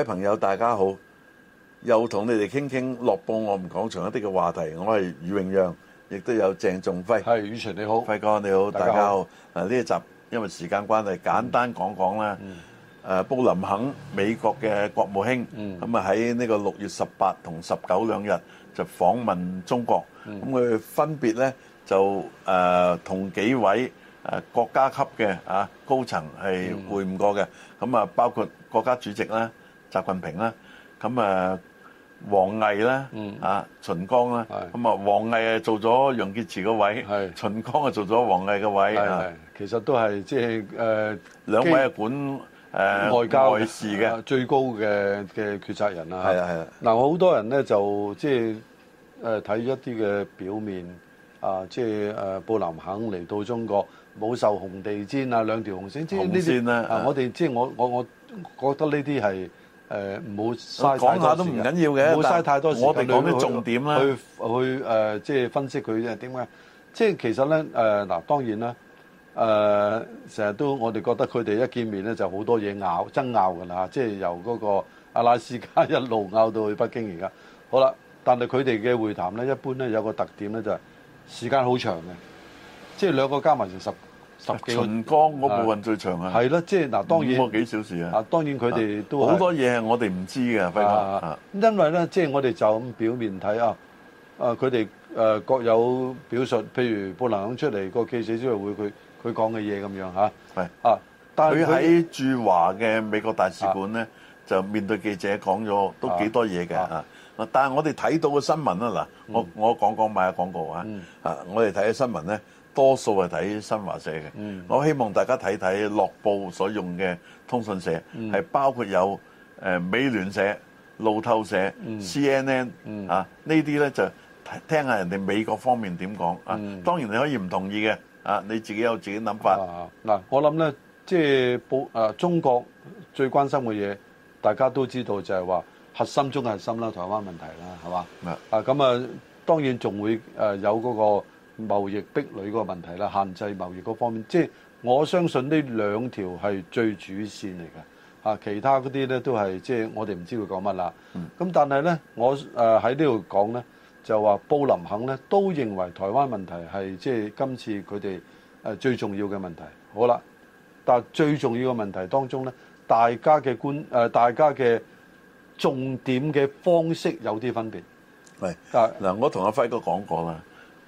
各位朋友，大家好！又同你哋傾傾樂報我哋講場一啲嘅話題。我係余榮讓，亦都有鄭仲輝。係，余 Sir 你好，輝哥你好，大家好。啊，呢一集因為時間關係，簡單講講啦。誒，布林肯，美國嘅國務卿，咁啊喺呢個六月十八同十九兩日就訪問中國。咁佢分別咧就誒同幾位誒國家級嘅啊高層係會晤過嘅。咁啊，包括國家主席啦。習近平啦，咁啊王毅啦、嗯，啊秦剛啦，咁啊王毅啊做咗楊潔篪個位，秦剛啊做咗王毅個位，啊，其實都係即係誒兩位管啊管誒外，外事嘅、啊、最高嘅嘅決策人啊，嗱好多人咧就即係誒睇一啲嘅表面啊，即係誒布林肯嚟到中國冇受紅地氈啊兩條紅線即呢啲、就是、啊我哋即係我我我覺得呢啲係。唔好嘥，講下都唔緊要嘅，冇嘥太多時間。時間我哋有咩重點啦，去去誒，即、呃、係、就是、分析佢點解？即係、就是、其實咧，誒、呃、嗱，當然啦，誒成日都我哋覺得佢哋一見面咧就好多嘢拗爭拗嘅啦，即係由嗰個阿拉斯加一路拗到去北京而家。好啦，但係佢哋嘅會談咧，一般咧有個特點咧就係、是、時間好長嘅，即、就、係、是、兩個加埋成十。十秦剛嗰部分最長啊，係咯，即係嗱，當然咁啊幾小時啊，嗱、啊、當然佢哋都好、啊、多嘢係我哋唔知嘅，啊，因為咧，即、就、係、是、我哋就咁表面睇啊，啊佢哋誒各有表述，譬如布林肯出嚟個記者招待會，佢佢講嘅嘢咁樣嚇，係啊，但係佢喺駐華嘅美國大使館咧、啊，就面對記者講咗都幾多嘢嘅啊，啊，啊，但係我哋睇到嘅新聞咧，嗱、啊嗯，我我講講買下廣告嚇，啊，我哋睇下新聞咧。多數係睇新華社嘅、嗯，我希望大家睇睇《樂報》所用嘅通訊社、嗯，係包括有誒美聯社、路透社、嗯 CNN 嗯啊這些呢啲咧就聽下人哋美國方面點講啊。當然你可以唔同意嘅啊，你自己有自己諗法。嗱、啊啊，我諗咧，即係報啊，中國最關心嘅嘢，大家都知道就係話核心中核心啦，台灣問題啦，係嘛？是啊咁啊，當然仲會誒有嗰、嗰個。貿易壁壘個問題啦，限制貿易嗰方面，即係我相信呢兩條係最主線嚟嘅嚇，其他嗰啲呢都係即係我哋唔知佢講乜啦。咁、嗯、但係呢，我誒喺呢度講呢，就話布林肯呢都認為台灣問題係即係今次佢哋誒最重要嘅問題。好啦，但最重要嘅問題當中呢，大家嘅觀誒、呃，大家嘅重點嘅方式有啲分別。係嗱，我同阿輝哥講過啦。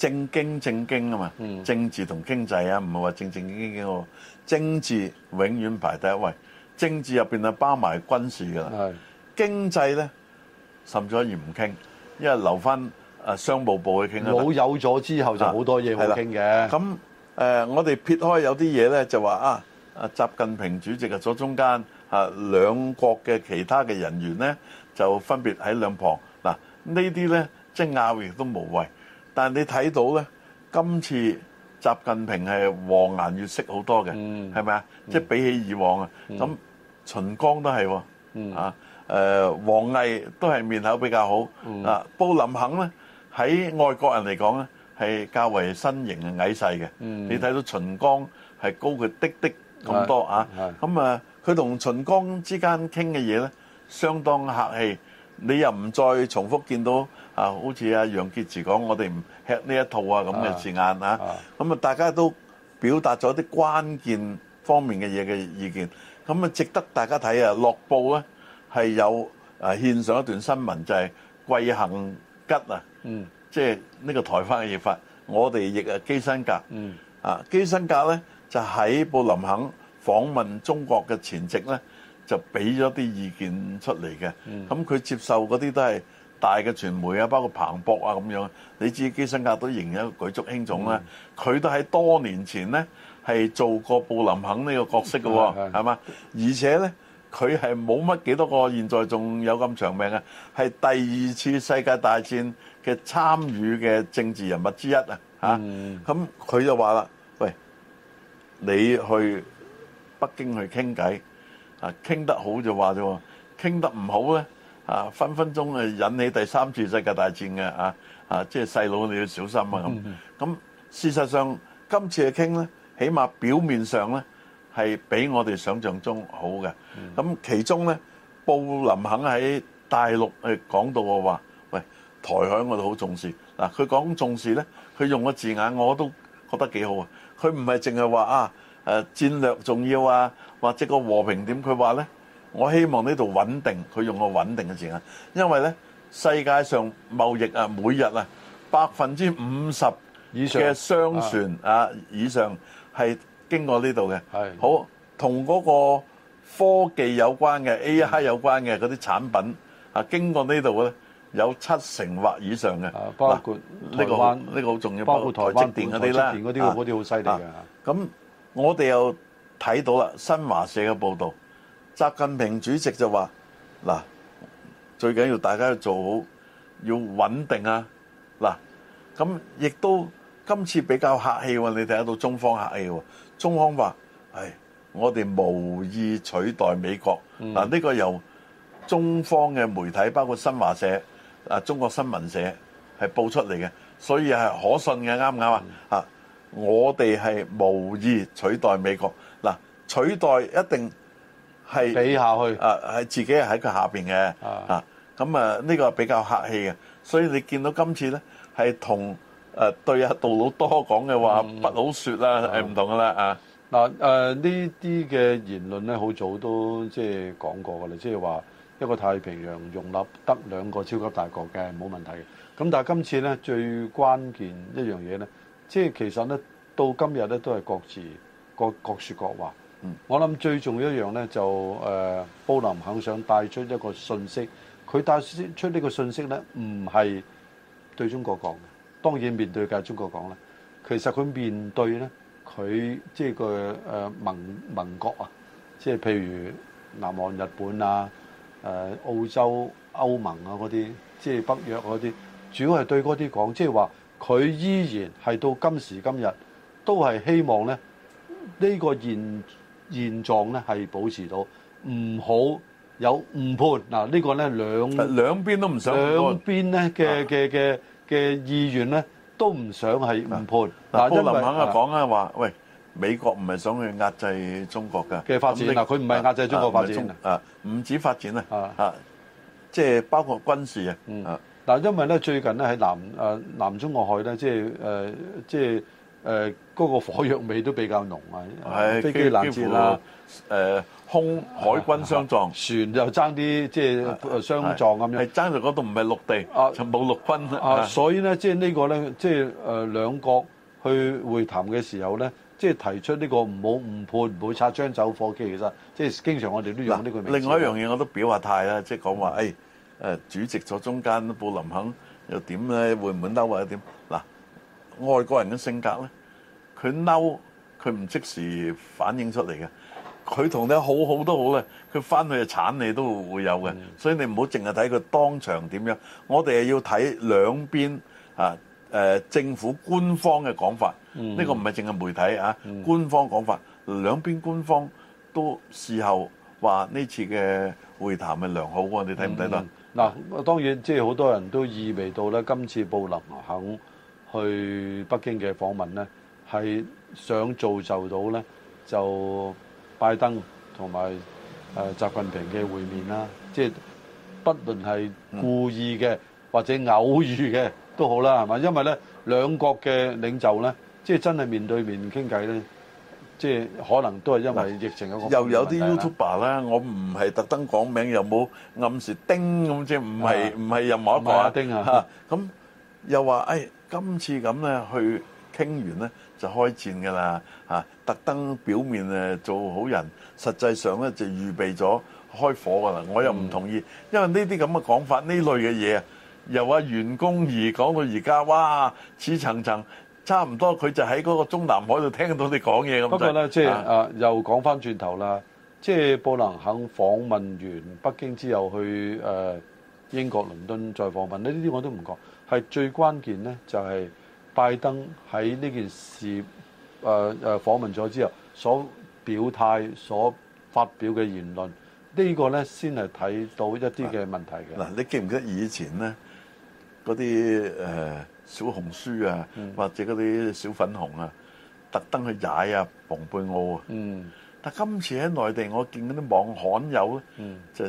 正經正經啊嘛，政治同經濟啊，唔係話正正經經喎。政治永遠排第一位，政治入邊啊包埋軍事㗎啦。經濟咧，甚至可以唔傾，因為留翻啊商務部去傾啦。好，有咗之後就好多嘢可以傾嘅。咁誒，我哋撇開有啲嘢咧，就話啊啊，習近平主席啊左中間啊，兩國嘅其他嘅人員咧，就分別喺兩旁嗱，呢啲咧即係拗亦都無謂。但你睇到咧，今次習近平係和顏悅色好多嘅，係咪啊？即比起以往啊，咁秦剛都係喎，啊誒王毅都係面口比較好啊。布林肯咧，喺外國人嚟講咧，係較為身形矮細嘅，你睇到秦剛係高佢滴滴咁多啊，咁啊佢同秦剛之間傾嘅嘢咧，相當客氣，你又唔再重複見到。啊，好似阿楊潔篪講，我哋唔吃呢一套啊咁嘅字眼啊，咁啊大家都表達咗啲關鍵方面嘅嘢嘅意見，咁啊值得大家睇啊！《樂報》咧係有啊獻上一段新聞，就係季辛吉啊，嗯，即係呢個台灣嘅譯法，我哋亦係基辛格，嗯啊基辛格咧就喺布林肯訪問中國嘅前夕咧就俾咗啲意見出嚟嘅，咁佢接受嗰啲都係，大嘅傳媒啊，包括彭博啊咁樣，你知基辛格都仍然舉足輕重啦。佢都喺多年前呢係做過布林肯呢個角色嘅喎，係嘛？而且呢佢係冇乜幾多個現在仲有咁長命啊，係第二次世界大戰嘅參與嘅政治人物之一啊嚇。咁佢就話啦：「喂，你去北京去傾偈啊，傾得好就話啫，傾得唔好呢。啊，分分鐘誒引起第三次世界大戰嘅啊啊！即係細佬你要小心啊咁。咁事實上今次嘅傾咧，起碼表面上咧係比我哋想象中好嘅。咁其中咧，布林肯喺大陸誒講到嘅話，喂，台海我哋好重視。嗱，佢講重視咧，佢用個字眼我都覺得幾好啊。佢唔係淨係話啊誒戰略重要啊，或者個和平點佢話咧？我希望呢度穩定，佢用個穩定嘅字。因為咧世界上貿易啊，每日啊百分之五十以上嘅商船啊以上係經過呢度嘅。係好同嗰個科技有關嘅 AI 有關嘅嗰啲產品啊，經過呢度咧有七成或以上嘅。啊，包括呢個呢個好重要，包括台灣晶電嗰啲啦，嗰啲好犀利嘅。咁、啊、我哋又睇到啦，新華社嘅報導。習近平主席就話：嗱，最緊要大家要做好，要穩定啊！嗱，咁亦都今次比較客氣喎，你睇得到中方客氣喎。中方話：唉，係我哋無意取代美國。嗱，呢個由中方嘅媒體，包括新華社、啊中國新聞社係報出嚟嘅，所以係可信嘅，啱唔啱啊？啊、嗯，我哋係無意取代美國。嗱，取代一定。係比下去，啊，係自己係喺佢下邊嘅，啊，咁啊，呢個比較客氣嘅，所以你見到今次咧，係同誒對阿杜魯多講嘅話，不好說啦，係唔同噶啦，啊，嗱，誒呢啲嘅言論咧，好早都即係講過噶啦，即係話一個太平洋容納得兩個超級大國係冇問題嘅，咁但係今次咧，最關鍵一樣嘢咧，即係其實咧，到今日咧，都係各自各各說各話。我諗最重要一樣呢就誒，布林肯想帶出一個信息，佢帶出呢個信息呢唔係對中國講，當然面對嘅中國講啦。其實佢面對呢佢即係個誒盟盟國啊，即係譬如南韓、日本啊，誒澳洲、歐盟啊嗰啲，即係北約嗰啲，主要係對嗰啲講，即係話佢依然係到今時今日都係希望呢呢個現。現狀咧係保持到，唔好有誤判嗱，呢個咧兩兩邊都唔想兩邊咧嘅嘅嘅嘅意願咧都唔想係誤判。嗱，布林肯啊講啊話，喂，美國唔係想去壓制中國嘅嘅發展啊，佢唔係壓制中國發展啊，唔止發展啊啊，即係包括軍事啊。嗱，因為咧最近咧喺南誒南中國海咧，即係誒即係。誒、呃、嗰、那個火藥味都比較濃啊！啊飛機攔截啦，空海軍相撞、啊啊，船又爭啲即係相撞咁樣、啊，係爭、啊、在嗰度唔係陸地，就、啊、冇陸軍啊，啊，啊，所以咧即係呢個咧即係誒兩國去會談嘅時候咧，即、就、係、是、提出呢個唔好誤判，唔好擦槍走火機其實，即係經常我哋都用呢句、啊。另外一樣嘢我都表下態啦、啊，即、就、係、是、講話誒、哎，主席坐中間，布林肯又點咧，會唔會嬲或者點嗱？外國人嘅性格咧，佢嬲佢唔即時反映出嚟嘅，佢同你好好都好咧，佢翻去就鏟你都會有嘅，mm -hmm. 所以你唔好淨係睇佢當場點樣，我哋係要睇兩邊啊誒、呃、政府官方嘅講法，呢、mm -hmm. 個唔係淨係媒體啊，官方講法、mm -hmm. 兩邊官方都事後話呢次嘅會談係良好嘅，你睇唔睇到？嗱、mm -hmm. 當然即係好多人都意味到咧，今次布林肯。去北京嘅訪問咧，係想造就到咧就拜登同埋誒習近平嘅會面啦。即係不論係故意嘅或者偶遇嘅都好啦，係嘛？因為咧兩國嘅領袖咧，即係真係面對面傾偈咧，即係可能都係因為疫情一個問題啦。又有啲 YouTuber 啦，我唔係特登講名又冇暗示叮咁，即係唔係唔係任何一個阿丁啊？咁又話誒。今次咁咧，去傾完咧就開戰㗎啦！嚇，特登表面誒做好人，實際上咧就預備咗開火㗎啦！我又唔同意，嗯、因為呢啲咁嘅講法，呢類嘅嘢又由阿袁公儀講到而家，哇，似層層，差唔多佢就喺嗰個中南海度聽到你講嘢咁。不過咧，即係啊，又講翻轉頭啦，即係布林肯訪問完北京之後去誒。呃英國倫敦再訪問咧，呢啲我都唔講，係最關鍵咧就係拜登喺呢件事誒誒訪問咗之後所表態、所發表嘅言論，呢、這個咧先係睇到一啲嘅問題嘅。嗱，你記唔記得以前咧嗰啲誒小紅書啊，或者嗰啲小粉紅啊，特登去踩啊蓬佩奧啊？嗯，但今次喺內地，我見嗰啲網罕有咧、嗯，就。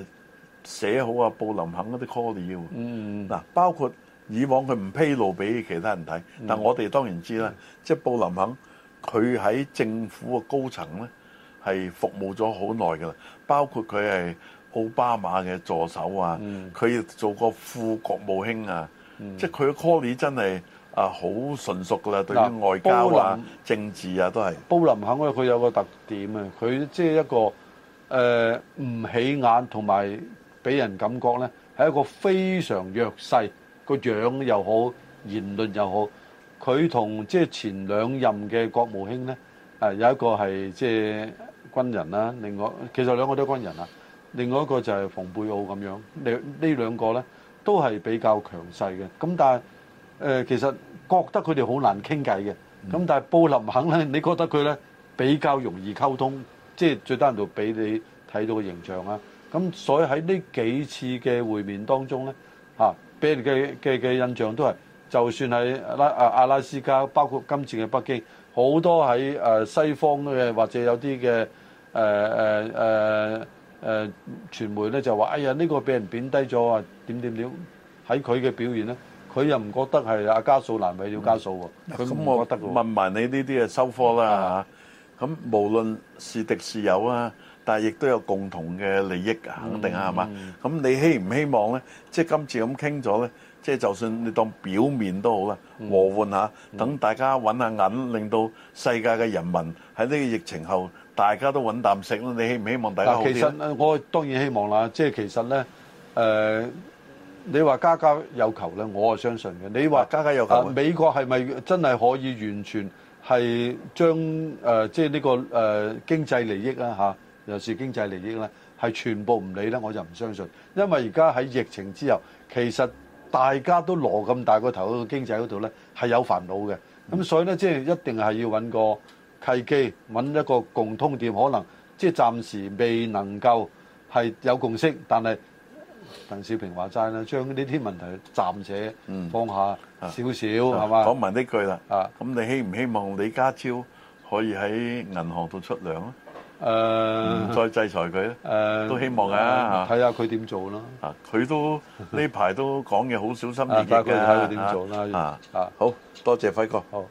寫好啊，布林肯嗰啲 call 嗱、嗯，包括以往佢唔披露俾其他人睇、嗯，但我哋當然知啦。即係布林肯，佢喺政府嘅高層咧，係服務咗好耐㗎啦。包括佢係奧巴馬嘅助手啊，佢、嗯、做過副國務卿啊。嗯、即係佢嘅 call 真係啊，好純熟㗎啦、嗯。對於外交啊、政治啊都係。布林肯咧，佢有個特點啊，佢即係一個誒唔、呃、起眼同埋。俾人感覺呢係一個非常弱勢，個樣又好，言論又好。佢同即係前兩任嘅國務卿呢，有一個係即係軍人啦，另外其實兩個都係軍人啊。另外一個就係蓬佩奧咁樣，呢呢兩個呢都係比較強勢嘅。咁但係其實覺得佢哋好難傾偈嘅。咁但係布林肯呢，你覺得佢呢比較容易溝通，即係最低限度俾你睇到嘅形象啊？咁所以喺呢幾次嘅會面當中咧，嚇、啊、俾人嘅嘅嘅印象都係，就算係拉啊阿拉斯加，包括今次嘅北京，好多喺誒、呃、西方嘅或者有啲嘅誒誒誒誒傳媒咧就話，哎呀呢、呢個俾人貶低咗啊，點點點。喺佢嘅表現咧，佢又唔覺得係阿加素難為咗加素喎。咁、嗯、我覺得、嗯嗯嗯，問埋你呢啲嘅收科啦嚇。咁、嗯啊、無論是敵是友啊。但係亦都有共同嘅利益啊，肯定啊，係、嗯、嘛？咁你希唔希望咧？即係今次咁傾咗咧，即係就算你當表面都好啦、嗯，和緩下，等、嗯、大家揾下銀，令到世界嘅人民喺呢個疫情後，大家都揾啖食啦。你希唔希望大家好啲？其實我當然希望啦。即係其實咧，誒、呃，你話家家有求咧，我係相信嘅。你話家家有求、啊。美國係咪真係可以完全係將誒、呃、即係、這、呢個誒、呃、經濟利益啊？嚇？尤其是經濟利益咧，係全部唔理咧，我就唔相信。因為而家喺疫情之後，其實大家都攞咁大個頭喺個經濟嗰度咧，係有煩惱嘅。咁所以咧，即係一定係要揾個契機，揾一個共通點，可能即係暫時未能夠係有共識，但係鄧小平話齋啦，將呢啲問題暫且放下少少，係嘛？講埋呢句啦。啊，咁你希唔希望李家超可以喺銀行度出糧啊？誒、嗯，唔再制裁佢咧、嗯，都希望啊，睇下佢點做咯。佢 都呢排都講嘢好小心而家嘅，睇佢點做啦。啊啊,啊，好多謝輝哥。好。